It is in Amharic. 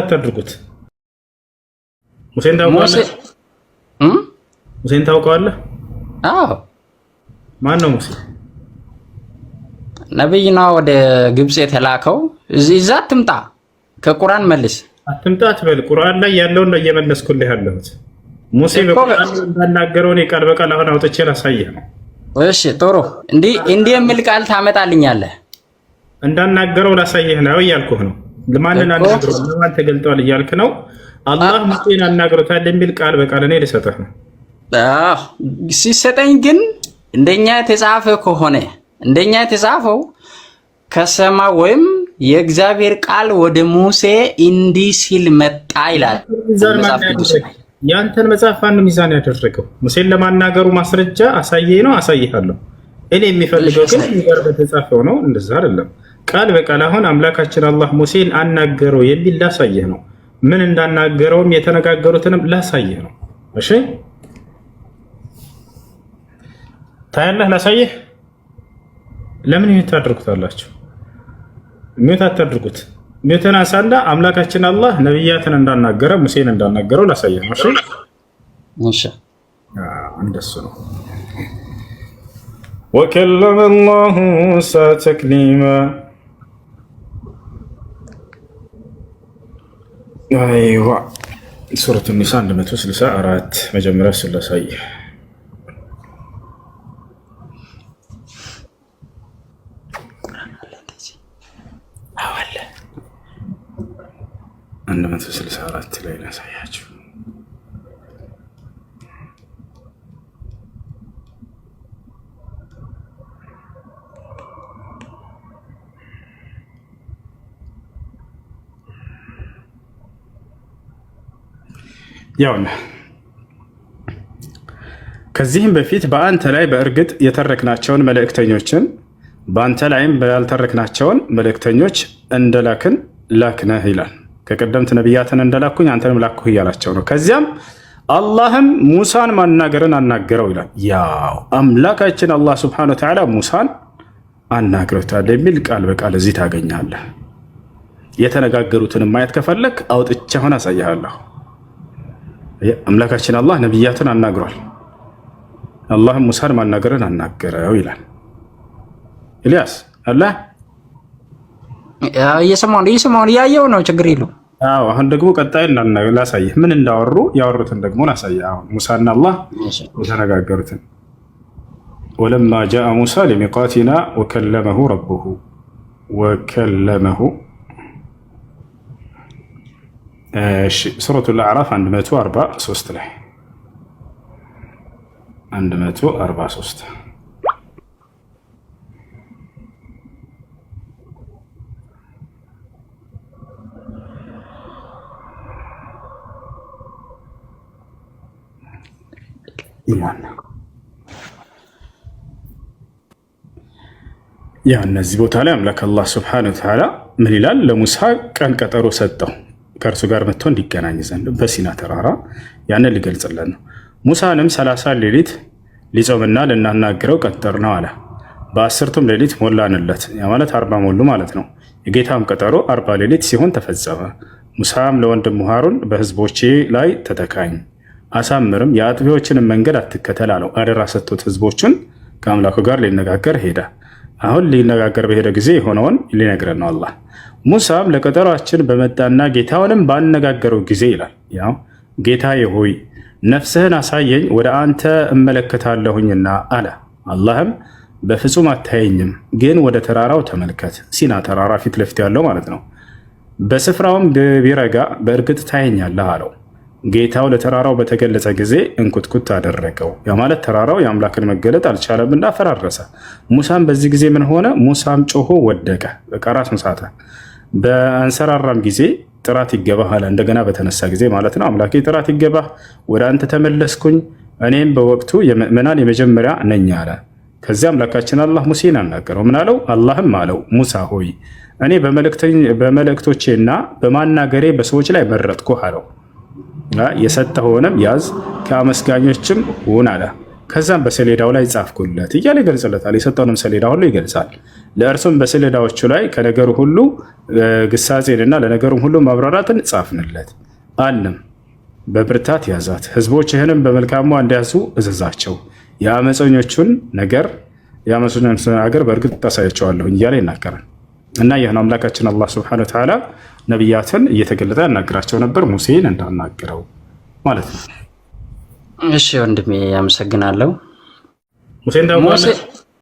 አታድርጉት። ሙሴን ታውቀዋለህ? ሙሴን ታውቀዋለህ? አዎ። ማን ነው ሙሴ? ነብይና ወደ ግብፅ የተላከው። እዛ አትምጣ፣ ከቁርአን መልስ። ትምጣ ከቁርአን መልስ አትምጣ ትበል። ቁርአን ላይ ያለውን ነው እየመለስኩልህ ያለሁት። ሙሴ በቁርአን እንዳናገረውን ቃል በቃል አሁን አውጥቼ ላሳየህ እሺ ጥሩ። እንዲህ እንዲህ የሚል ቃል ታመጣልኛለህ? እንዳናገረው ላሳየህ ነው እያልኩህ ነው ለማንን አናግረው ለማን ተገልጧል እያልክ ነው? አላህ ሙሴን አናግሮታል የሚል ቃል በቃል እኔ ልሰጥህ ነው። ሲሰጠኝ ግን እንደኛ የተጻፈ ከሆነ እንደኛ የተጻፈው ከሰማ ወይም የእግዚአብሔር ቃል ወደ ሙሴ እንዲህ ሲል መጣ ይላል። ያንተን መጽሐፍ አንድ ሚዛን ያደረገው ሙሴን ለማናገሩ ማስረጃ አሳየ ነው፣ አሳይሃለሁ። እኔ የሚፈልገው ግን ጋር በተጻፈው ነው። እንደዛ አይደለም። ቃል በቃል አሁን አምላካችን አላህ ሙሴን አናገረው የሚል ላሳየህ ነው። ምን እንዳናገረውም የተነጋገሩትንም ላሳየህ ነው። እሺ ታያለህ፣ ላሳየህ። ለምን ሚዩት ታደርጉታላችሁ? ሚዩት አታድርጉት። ሚዩትን አሳንዳ አምላካችን አላህ ነቢያትን እንዳናገረ ሙሴን እንዳናገረው ላሳየህ ነው። እሺ እንደሱ ነው። ወከለመ አላሁ ሙሳ ተክሊማ አይዋ ሱረቱ ኒሳ 164 መጀመሪያ ስለሳይ አንድ መቶ ስልሳ አራት ላይ ላሳያችሁ ይኸውልህ ከዚህም በፊት በአንተ ላይ በእርግጥ የተረክናቸውን መልእክተኞችን በአንተ ላይም ያልተረክናቸውን መልእክተኞች እንደላክን ላክነህ ይላል። ከቀደምት ነቢያትን እንደላኩኝ አንተንም ላኩህ እያላቸው ነው። ከዚያም አላህም ሙሳን ማናገርን አናገረው ይላል። ያው አምላካችን አላህ ስብሐነ ወተዓላ ሙሳን አናግሮታል የሚል ቃል በቃል እዚህ ታገኛለህ። የተነጋገሩትን ማየት ከፈለክ አውጥቼ አሁን አሳያለሁ። አምላካችን አላህ ነቢያትን አናግሯል። አላህም ሙሳን ማናገርን አናገረው ይላል። ኤልያስ አላህ እየሰማሁ ነው እየሰማሁ ነው እያየሁ ነው። ችግር የለውም። አዎ አሁን ደግሞ ቀጣይ ላሳየህ፣ ምን እንዳወሩ ያወሩትን ደግሞ ላሳየህ። አሁን ሙሳና አላህ የተነጋገሩትን ወለማ ጃአ ሙሳ ሊሚቃቲና ወከለመሁ ረቡሁ ወከለመሁ آه، سورة الأعراف عند ماتوا أربعة سوست لح عند ماتوا أربعة سوست إيمان يا نزبوت عليهم لك الله سبحانه وتعالى من الآن لمسحى كان كتروا ستهم ከእርሱ ጋር መጥቶ እንዲገናኝ ዘንድ በሲና ተራራ ያንን ሊገልጽለን ነው። ሙሳንም ሰላሳ ሌሊት ሊጾምና ልናናግረው ቀጠር ነው አለ። በአስርቱም ሌሊት ሞላንለት ማለት አርባ ሞሉ ማለት ነው። የጌታም ቀጠሮ አርባ ሌሊት ሲሆን ተፈጸመ። ሙሳም ለወንድሙ ሃሩን በህዝቦቼ ላይ ተተካኝ አሳምርም፣ የአጥቢዎችንም መንገድ አትከተል አለው። አደራ ሰጥቶት ህዝቦቹን ከአምላኩ ጋር ሊነጋገር ሄዳ። አሁን ሊነጋገር በሄደ ጊዜ የሆነውን ሊነግረን ነው አላህ። ሙሳም ለቀጠሯችን በመጣና ጌታውንም ባነጋገረው ጊዜ ይላል ያው ጌታዬ ሆይ ነፍስህን አሳየኝ ወደ አንተ እመለከታለሁኝና አለ። አላህም በፍጹም አታየኝም፣ ግን ወደ ተራራው ተመልከት፣ ሲና ተራራ ፊት ለፊት ያለው ማለት ነው። በስፍራውም ቢረጋ በእርግጥ ታየኛለህ አለው። ጌታው ለተራራው በተገለጸ ጊዜ እንኩትኩት አደረገው። ያ ማለት ተራራው የአምላክን መገለጥ አልቻለም እና ፈራረሰ። ሙሳም በዚህ ጊዜ ምን ሆነ? ሙሳም ጮሆ ወደቀ፣ በቃ ራሱን ሳተ። በአንሰራራም ጊዜ ጥራት ይገባህ እንደገና በተነሳ ጊዜ ማለት ነው። አምላኬ ጥራት ይገባህ፣ ወደ አንተ ተመለስኩኝ፣ እኔም በወቅቱ የምእመናን የመጀመሪያ ነኝ አለ። ከዚያ አምላካችን አላህ ሙሴን አናገረው። ምን አለው? አላህም አለው ሙሳ ሆይ እኔ በመልእክቶቼና በማናገሬ በሰዎች ላይ መረጥኩህ አለው። የሰጠሆነም ያዝ ከአመስጋኞችም ውን አለ። ከዛም በሰሌዳው ላይ ጻፍኩለት እያለ ይገልጽለታል። የሰጠውንም ሰሌዳ ሁሉ ይገልጻል። ለእርሱም በሰሌዳዎቹ ላይ ከነገሩ ሁሉ ግሳጼንና ለነገሩም ሁሉ ማብራራትን ጻፍንለት። አንም በብርታት ያዛት፣ ህዝቦችህንም በመልካሙ እንዲያዙ እዘዛቸው። የአመፀኞቹን ነገር የአመፀኞቹን ሀገር በእርግጥ ታሳያቸዋለሁ እያለ ይናገራል እና ይህን አምላካችን አላህ ስብሐነ ወተዓላ ነቢያትን እየተገለጠ ያናግራቸው ነበር፣ ሙሴን እንዳናገረው ማለት ነው። እሺ ወንድሜ፣ አመሰግናለሁ ሙሴ